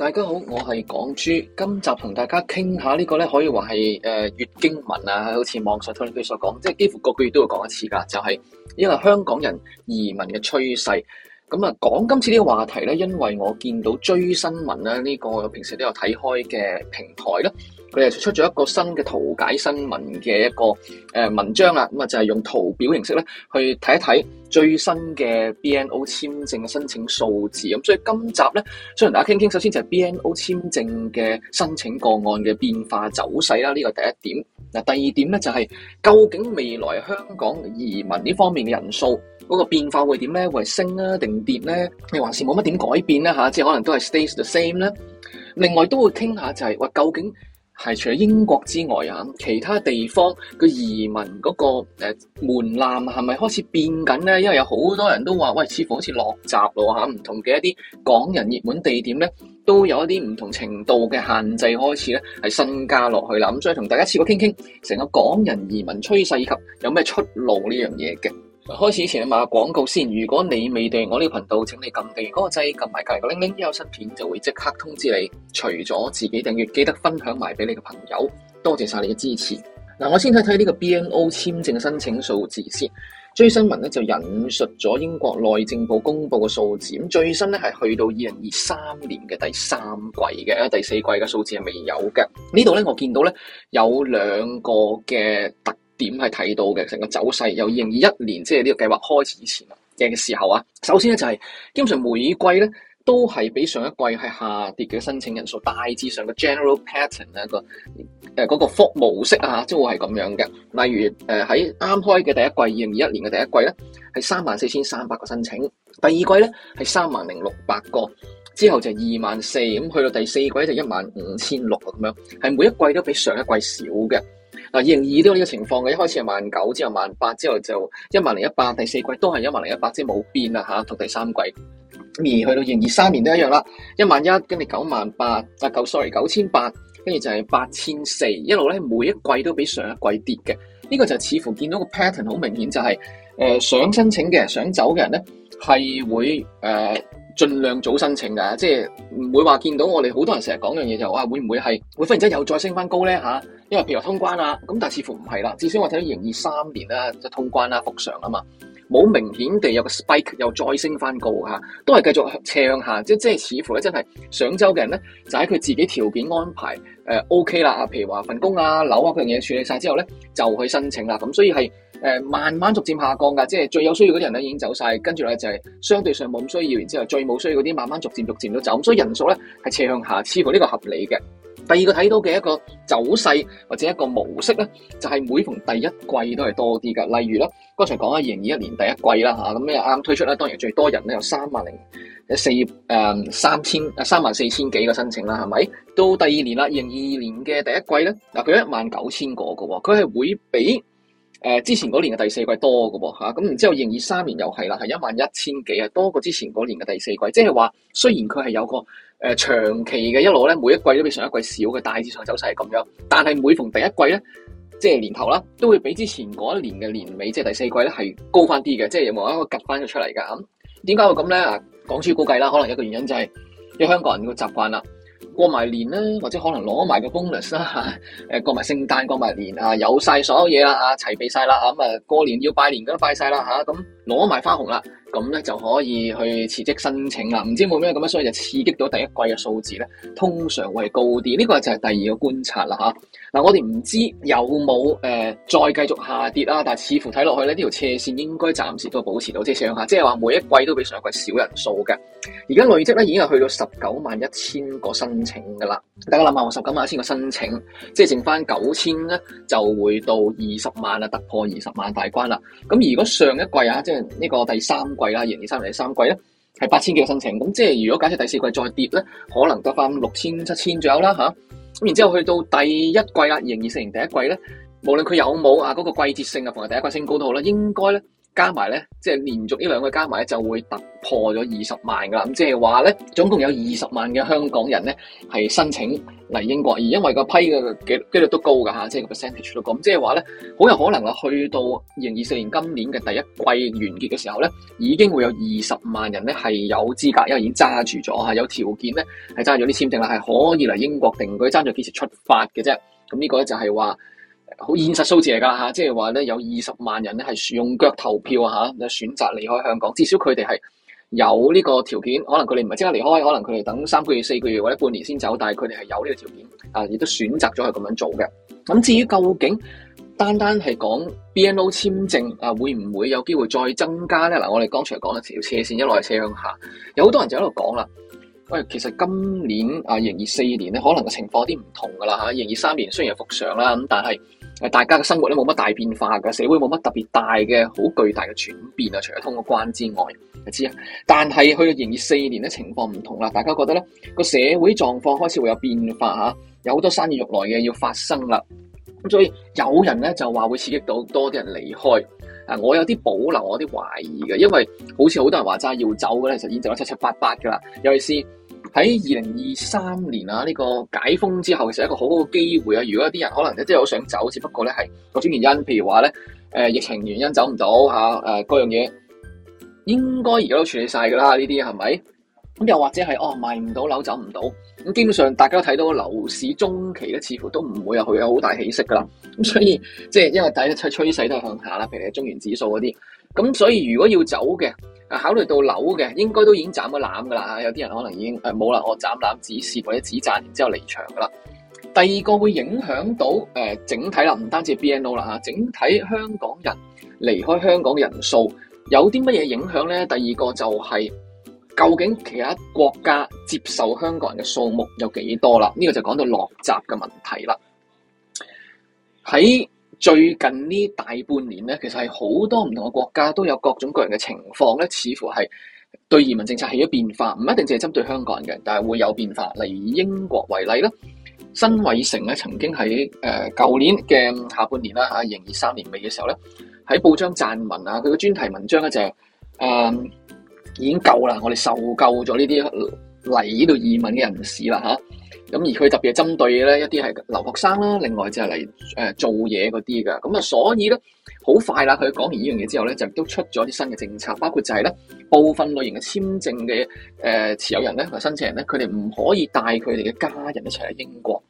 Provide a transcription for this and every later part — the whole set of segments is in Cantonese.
大家好，我係港豬，今集同大家傾下呢、這個咧，可以話係誒月經文啊，好似網上同你哋所講，即係幾乎個個月都要講一次噶，就係、是、因為是香港人移民嘅趨勢。咁啊，講今次呢個話題咧，因為我見到追新聞啊，呢、這個我平時都有睇開嘅平台啦。佢哋出咗一個新嘅圖解新聞嘅一個誒文章啦，咁啊就係用圖表形式咧，去睇一睇最新嘅 BNO 簽證嘅申請數字。咁所以今集咧，想同大家傾傾，首先就係 BNO 簽證嘅申請個案嘅變化走勢啦，呢個第一點。嗱，第二點咧就係究竟未來香港移民呢方面嘅人數嗰個變化會點咧？會係升啊定跌咧？你還是冇乜點改變咧嚇？即係可能都係 stays the same 咧。另外都會傾下就係話究竟。係除咗英國之外啊，其他地方個移民嗰個誒門檻係咪開始變緊咧？因為有好多人都話，喂，似乎好似落閘咯嚇，唔同嘅一啲港人熱門地點咧，都有一啲唔同程度嘅限制開始咧，係新加落去啦。咁所以同大家試過傾傾成個港人移民趨勢以及有咩出路呢樣嘢嘅。開始前啊，賣下廣告先。如果你未訂我呢個頻道，請你撳地嗰個掣，撳埋隔籬個鈴鈴，一有新片就會即刻通知你。除咗自己訂閱，記得分享埋俾你嘅朋友。多謝晒你嘅支持。嗱、啊，我先睇睇呢個 BNO 簽證嘅申請數字先。追新聞咧就引述咗英國內政部公布嘅數字。咁最新咧係去到二零二三年嘅第三季嘅，第四季嘅數字係未有嘅。呢度咧我見到咧有兩個嘅特。點係睇到嘅成個走勢，由二零二一年，即係呢個計劃開始以前嘅時候啊，首先咧就係、是、基本上每一季咧都係比上一季係下跌嘅申請人數，大致上嘅 general pattern 咧，個誒嗰個模式啊，即係會係咁樣嘅。例如誒喺啱開嘅第一季，二零二一年嘅第一季咧係三萬四千三百個申請，第二季咧係三萬零六百個，之後就二萬四，咁去到第四季就一萬五千六啊咁樣，係每一季都比上一季少嘅。嗱，二零二都有呢個情況嘅，一開始係萬九，之後萬八，之後就一萬零一百，第四季都係一萬零一百，即係冇變啦吓，同第三季。咁而去到二零二三年都一樣啦，一萬一，跟住九萬八，啊，夠 sorry，九千八，跟住就係八千四，一路咧每一季都比上一季跌嘅。呢、這個就似乎見到個 pattern 好明顯、就是，就係誒想申請嘅人、想走嘅人咧係會誒。呃盡量早申請㗎，即係唔會話見到我哋好多人成日講樣嘢就話會唔會係會忽然之間又再升翻高咧吓？因為譬如話通關啊，咁但係似乎唔係啦。至少我睇到二零二三年啦，即通關啦、復常啊嘛，冇明顯地有個 spike 又再升翻高吓，都係繼續斜向下，即即係似乎咧，真係上週嘅人咧，就喺佢自己條件安排，呃、OK 啦啊，譬如話份工啊、樓啊嗰樣嘢處理晒之後咧，就去申請啦。咁所以係。誒慢慢逐漸下降㗎，即係最有需要嗰啲人咧，已經走晒。跟住咧就係相對上冇咁需要，然之後最冇需要嗰啲慢慢逐漸逐漸都走，所以人數咧係斜向下，似乎呢個合理嘅。第二個睇到嘅一個走勢或者一個模式咧，就係每逢第一季都係多啲㗎。例如啦，剛才講啊，二零二一年第一季啦吓，咁咧啱啱推出啦，當然最多人咧有三萬零四誒三千啊三萬四千幾個申請啦，係咪？到第二年啦，二零二二年嘅第一季咧，嗱佢一萬九千個嘅喎，佢係會比，誒、呃、之前嗰年嘅第四季多㗎喎，咁然之後二二三年又係啦，係一萬一千幾啊，多過之前嗰年嘅第四季。即係話雖然佢係有個誒、呃、長期嘅一路咧，每一季都比上一季少嘅大致上嘅走勢係咁樣，但係每逢第一季咧，即係年頭啦，都會比之前嗰一年嘅年尾即係第四季咧係高翻啲嘅，即係有冇一個夾翻咗出嚟㗎？點、嗯、解會咁咧？啊，港豬估計啦，可能一個原因就係因為香港人嘅習慣啦。過埋年啦，或者可能攞埋個 bonus 啦，誒，過埋聖誕，過埋年啊，有晒所有嘢啦吓，齊備晒啦，咁啊過年要拜年嘅啦，拜晒啦吓咁。攞埋花紅啦，咁咧就可以去辭職申請啦。唔知冇咩咁樣，所以就刺激到第一季嘅數字咧，通常會係高啲。呢、這個就係第二個觀察啦吓，嗱、啊啊，我哋唔知道有冇誒、呃、再繼續下跌啦，但係似乎睇落去咧，呢條斜線應該暫時都保持到，即係上下，即係話每一季都比上一季少人數嘅。而家累積咧已經係去到十九萬一千個申請㗎啦。大家諗下，我十九萬一千個申請，即係剩翻九千咧，就會到二十萬啊，突破二十萬大關啦。咁如果上一季啊，即係。呢個第三季啦，二零二三年第三季咧，係八千幾個申請。咁即係如果假設第四季再跌咧，可能得返六千七千左右啦吓，咁然之後去到第一季啦，二零二四年第一季咧，無論佢有冇啊嗰個季節性啊，同埋第一季升高都好啦，應該咧。加埋咧，即係連續呢兩個加埋咧，就會突破咗二十萬噶啦。咁即係話咧，總共有二十萬嘅香港人咧係申請嚟英國，而因為個批嘅機率都高噶吓，即係個 percentage 都高。咁即係話咧，好有可能啊，去到二零二四年今年嘅第一季完結嘅時候咧，已經會有二十萬人咧係有資格，因為已經揸住咗吓，有條件咧係揸住啲簽證啦，係可以嚟英國定居，揸住幾時出發嘅啫。咁呢個咧就係話。好現實數字嚟㗎嚇，即係話咧有二十萬人咧係用腳投票啊嚇，選擇離開香港。至少佢哋係有呢個條件，可能佢哋唔係即刻離開，可能佢哋等三個月、四個月或者半年先走，但係佢哋係有呢個條件啊，亦都選擇咗係咁樣做嘅。咁至於究竟單單係講 BNO 簽證啊，會唔會有機會再增加咧？嗱，我哋剛才講咗條車線，一路係車向下，有好多人就喺度講啦。喂，其實今年啊，零二四年咧，可能個情況有啲唔同㗎啦嚇。零二三年雖然係復常啦，咁但係。大家嘅生活咧冇乜大變化嘅，社會冇乜特別大嘅好巨大嘅轉變啊，除咗通關之外，你知啊。但係去到二零二四年咧，情況唔同啦，大家覺得咧個社會狀況開始會有變化吓，有好多生意欲來嘅要發生啦。咁所以有人咧就話會刺激到多啲人離開。誒，我有啲保留，我有啲懷疑嘅，因為好似好多人話齋要走嘅咧，其實已經走得七七八八噶啦，尤其是。喺二零二三年啊，呢個解封之後，其實一個好好嘅機會啊！如果一啲人可能即係真係好想走，只不過咧係各種原因，譬如話咧誒疫情原因走唔到嚇，誒嗰樣嘢，啊呃、嘢應該而家都處理晒㗎啦，呢啲係咪？咁又或者係哦賣唔到樓走唔到，咁基本上大家都睇到樓市中期咧，似乎都唔會有佢有好大起色㗎啦。咁所以即係因為第一趨趨勢都係向下啦，譬如中原指數嗰啲，咁所以如果要走嘅。考慮到樓嘅應該都已經斬咗纜噶啦，有啲人可能已經誒冇啦，我斬纜止蝕或者止賺，然之後離場噶啦。第二個會影響到誒、呃、整體啦，唔單止 BNO 啦啊，整體香港人離開香港嘅人數有啲乜嘢影響咧？第二個就係、是、究竟其他國家接受香港人嘅數目有幾多啦？呢、這個就講到落閘嘅問題啦。喺最近呢大半年咧，其實係好多唔同嘅國家都有各種各樣嘅情況咧，似乎係對移民政策起咗變化，唔一定淨係針對香港人嘅，但係會有變化。例如英國為例啦，辛偉誠咧曾經喺誒舊年嘅下半年啦嚇，二零二三年尾嘅時候咧，喺報章撰文啊，佢個專題文章咧就誒、是嗯、已經夠啦，我哋受夠咗呢啲嚟呢度移民嘅人士啦嚇。咁而佢特別係針對咧一啲係留學生啦，另外就係嚟誒做嘢嗰啲㗎。咁啊所以咧好快啦，佢講完呢樣嘢之後咧就都出咗啲新嘅政策，包括就係咧部分類型嘅簽證嘅誒持有人咧同埋申請人咧，佢哋唔可以帶佢哋嘅家人一齊去英國。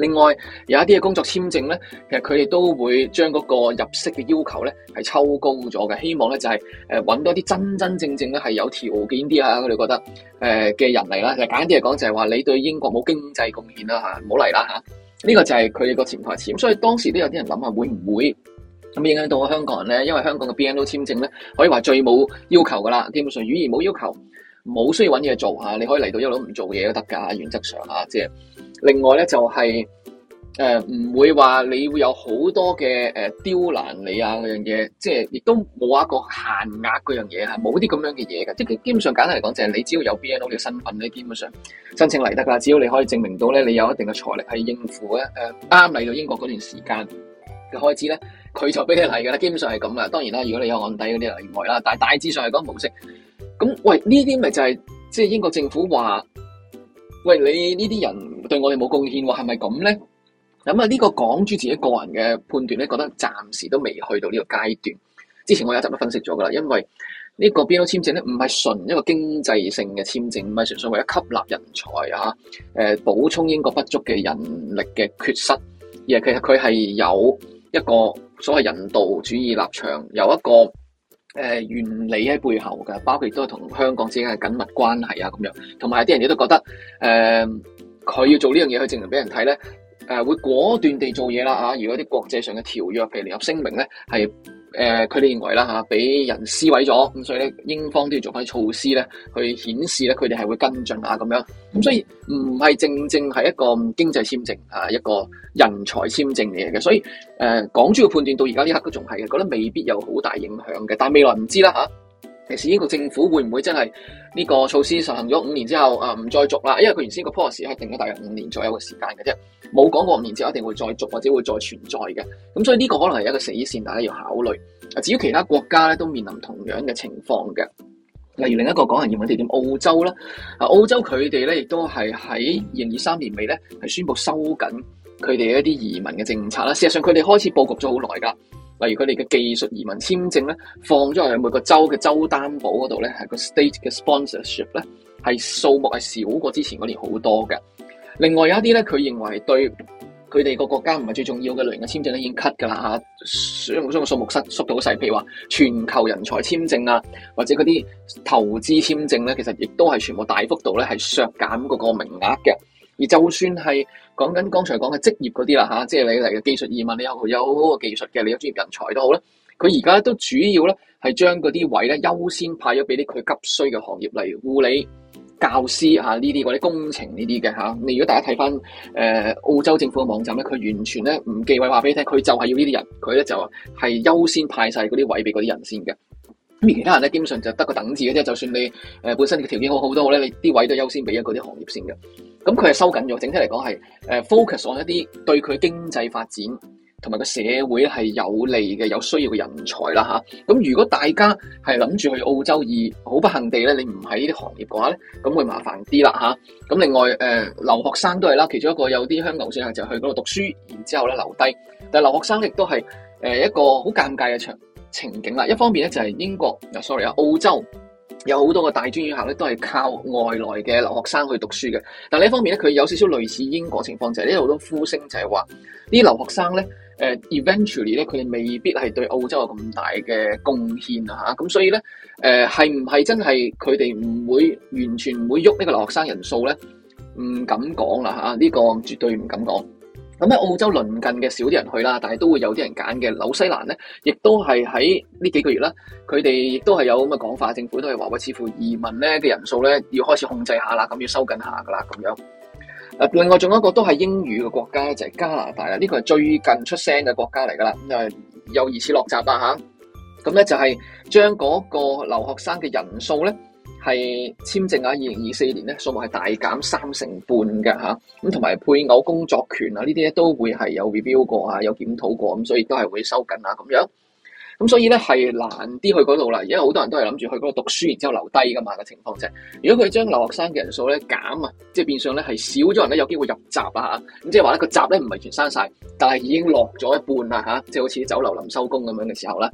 另外有一啲嘅工作簽證咧，其實佢哋都會將嗰個入息嘅要求咧係抽高咗嘅，希望咧就係誒揾多啲真真正正咧係有條件啲啊，佢哋覺得誒嘅、呃、人嚟啦，就簡單啲嚟講就係話你對英國冇經濟貢獻啦嚇，唔好嚟啦嚇，呢、啊這個就係佢哋個潛台詞。所以當時都有啲人諗啊，會唔會咁影響到香港人咧？因為香港嘅 BNO 簽證咧可以話最冇要求噶啦，基本上語言冇要求。冇需要揾嘢做嚇，你可以嚟到一路唔做嘢都得噶，原則上嚇。即係另外咧就係誒唔會話你會有好多嘅，誒、呃、刁難你啊嗰樣嘢，即係亦都冇一個限額嗰樣嘢吓，冇啲咁樣嘅嘢噶。即係基本上簡單嚟講，就係、是、你只要有 BNO 嘅身份咧，基本上申請嚟得噶。只要你可以證明到咧，你有一定嘅財力係應付咧，誒啱嚟到英國嗰段時間嘅開支咧，佢就俾你嚟噶啦。基本上係咁啊。當然啦，如果你有案底嗰啲例外啦，但係大致上係講模式。咁喂，呢啲咪就係、是、即係英國政府話，喂你呢啲人對我哋冇貢獻，係咪咁咧？咁啊呢個講住自己個人嘅判斷咧，覺得暫時都未去到呢個階段。之前我有一集都分析咗噶啦，因為呢個 BNO 簽證咧，唔係純一個經濟性嘅簽證，唔係純粹為咗吸納人才啊，誒、呃、補充英國不足嘅人力嘅缺失，而係其實佢係有一個所謂人道主義立場，有一個。誒、呃、原理喺背後嘅，包括都係同香港之間嘅緊密關係啊咁樣，同埋啲人亦都覺得，誒、呃、佢要做呢樣嘢，去證明俾人睇咧，誒會果斷地做嘢啦啊！如果啲國際上嘅條約，譬如聯合聲明咧，係。誒佢哋認為啦嚇，俾、啊、人撕毀咗，咁所以咧英方都要做翻啲措施咧，去顯示咧佢哋係會跟進一下。咁樣，咁所以唔係正正係一個經濟簽證啊，一個人才簽證嚟嘅，所以誒港豬嘅判斷到而家呢刻都仲係嘅，覺得未必有好大影響嘅，但未來唔知啦嚇。啊其實英國政府會唔會真係呢個措施實行咗五年之後啊唔再續啦？因為佢原先個 policy 係定咗大約五年左右嘅時間嘅啫，冇講過五年之後一定會再續或者會再存在嘅。咁所以呢個可能係一個死線，大家要考慮。至於其他國家咧，都面臨同樣嘅情況嘅。例如另一個港人移民地點澳洲啦，啊澳洲佢哋咧亦都係喺二零二三年尾咧係宣布收緊佢哋一啲移民嘅政策啦。事實上佢哋開始布局咗好耐㗎。例如佢哋嘅技術移民簽證咧，放咗落去每個州嘅州擔保嗰度咧，係個 state 嘅 sponsorship 咧，係數目係少過之前嗰年好多嘅。另外有一啲咧，佢認為對佢哋個國家唔係最重要嘅類型嘅簽證咧，已經 cut 㗎啦嚇，相相個數目縮縮到好細。譬如話全球人才簽證啊，或者嗰啲投資簽證咧，其實亦都係全部大幅度咧係削減嗰個名額嘅。而就算係講緊剛才講嘅職業嗰啲啦，即係你嚟嘅技術移民，你有有嗰個技術嘅，你有專業人才都好啦。佢而家都主要咧係將嗰啲位咧優先派咗俾啲佢急需嘅行業，例如護理、教師呢啲，嗰啲工程呢啲嘅。你如果大家睇翻誒澳洲政府嘅網站咧，佢完全咧唔忌諱話俾你聽，佢就係要呢啲人，佢咧就係優先派晒嗰啲位俾嗰啲人先嘅。咁其他人咧，基本上就得個等字嘅啫。就算你誒、呃、本身嘅條件好好多咧，你啲位都係優先俾一嗰啲行業先嘅。咁佢係收緊咗，整體嚟講係 focus on 一啲對佢經濟發展同埋個社會係有利嘅、有需要嘅人才啦吓，咁、啊、如果大家係諗住去澳洲而好不幸地咧，你唔喺呢啲行業嘅話咧，咁會麻煩啲啦吓，咁、啊、另外誒、呃，留學生都係啦，其中一個有啲香港小朋友就去嗰度讀書，然之後咧留低。但係留學生亦都係一個好尷尬嘅場情景啦，一方面咧就係英國，sorry 啊，澳洲有好多個大專院校咧都係靠外來嘅留學生去讀書嘅。但係呢一方面咧，佢有少少類似英國情況，就係呢度好多呼聲就係話呢啲留學生咧，誒 eventually 咧佢哋未必係對澳洲有咁大嘅貢獻啊嚇。咁所以咧，誒係唔係真係佢哋唔會完全唔會喐呢個留學生人數咧？唔敢講啦嚇，啊，呢個絕對唔敢講。咁喺澳洲鄰近嘅少啲人去啦，但係都會有啲人揀嘅。紐西蘭咧，亦都係喺呢幾個月啦，佢哋亦都係有咁嘅講法，政府都係話，似乎移民咧嘅人數咧要開始控制下啦，咁要收緊下噶啦，咁樣。誒，另外仲有一個都係英語嘅國家咧就係加拿大啦，呢個係最近出聲嘅國家嚟噶啦，誒，又疑似落閘啦吓。咁咧就係將嗰個留學生嘅人數咧。係簽證2024年是啊，二零二四年咧數目係大減三成半嘅吓，咁同埋配偶工作權啊呢啲咧都會係有 review 過啊，有檢討過咁，所以都係會收緊啊咁樣。咁、啊、所以咧係難啲去嗰度啦，而家好多人都係諗住去嗰度讀書，然之後留低噶嘛嘅情況啫。如果佢將留學生嘅人數咧減啊，即係變相咧係少咗人咧有機會入閘啊。吓，咁即係話咧個閘咧唔係全閂晒，但係已經落咗一半啦吓、啊，即係好似酒樓臨收工咁樣嘅時候咧，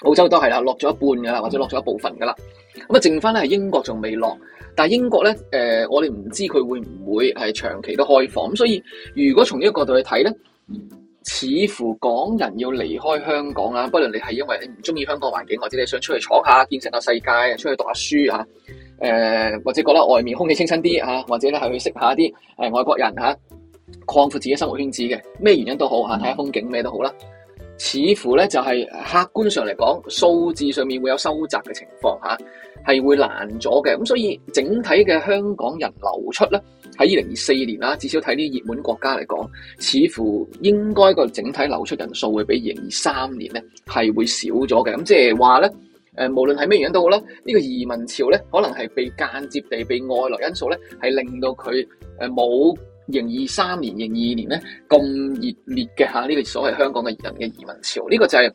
澳洲都係啦，落咗一半噶啦，或者落咗一部分噶啦。嗯咁啊，剩翻咧係英國仲未落，但係英國咧、呃，我哋唔知佢會唔會係長期都開放。咁所以，如果從呢一個角度去睇咧，似乎港人要離開香港啊，不論你係因為你唔中意香港環境，或者你想出去闖下，見成個世界，出去讀下書啊、呃，或者覺得外面空氣清新啲啊，或者咧係去識下啲外國人嚇，擴闊自己生活圈子嘅，咩原因都好嚇，睇下風景咩都好啦。似乎咧就係客觀上嚟講，數字上面會有收窄嘅情況嚇，係會難咗嘅。咁所以整體嘅香港人流出咧，喺二零二四年啦，至少睇啲熱門國家嚟講，似乎應該個整體流出人數會比二零二三年咧係會少咗嘅。咁即係話咧，誒無論係咩原因都好啦，呢、這個移民潮咧可能係被間接地被外來因素咧係令到佢誒冇。2023年、2022年咧咁熱烈嘅嚇，呢個所謂香港嘅人嘅移民潮，呢、這個就係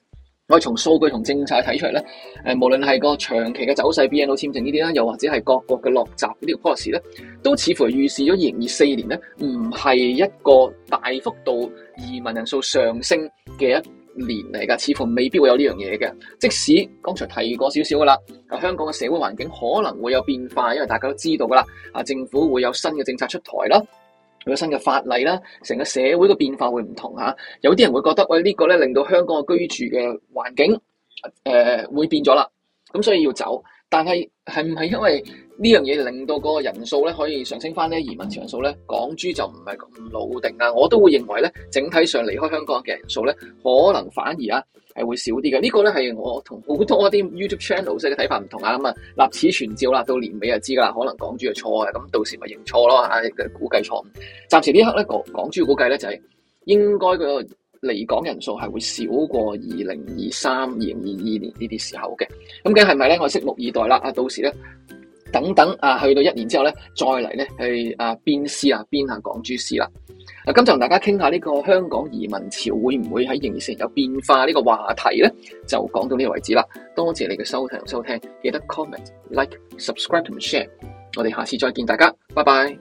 我哋從數據同政策睇出嚟咧。誒、呃，無論係個長期嘅走勢、BNO 簽證呢啲啦，又或者係各國嘅落閘呢個 policy 咧，都似乎預示咗2024年咧唔係一個大幅度移民人數上升嘅一年嚟噶，似乎未必會有呢樣嘢嘅。即使剛才提過少少噶啦，香港嘅社會環境可能會有變化，因為大家都知道噶啦，啊政府會有新嘅政策出台啦。個新嘅法例啦，成個社會嘅變化會唔同吓，有啲人會覺得喂呢個咧令到香港嘅居住嘅環境誒、呃、會變咗啦，咁所以要走。但係係唔係因為呢樣嘢令到嗰個人數咧可以上升翻呢，移民人數咧港珠就唔係咁老定啦，我都會認為咧整體上離開香港嘅人數咧可能反而啊係會少啲嘅，這個、呢個咧係我很多的的看法不同，好多啲 YouTube channel 即係嘅睇法唔同啊，咁啊，立此存照啦，到年尾就知㗎啦，可能港珠就錯嘅，咁到時咪認錯咯吓，估計錯誤。暫時刻呢刻咧，港港珠估計咧就係、是、應該個。嚟港人數係會少過二零二三、二零二二年呢啲時候嘅，咁梗係咪咧？我拭目以待啦！啊，到時咧，等等啊，去到一年之後咧，再嚟咧去啊，辯視啊，辯下港珠事啦。啊，今次同大家傾下呢個香港移民潮會唔會喺明年先有變化呢個話題咧，就講到呢個位置啦。多謝你嘅收聽收聽，記得 comment、like、subscribe a n share。我哋下次再見大家，拜拜。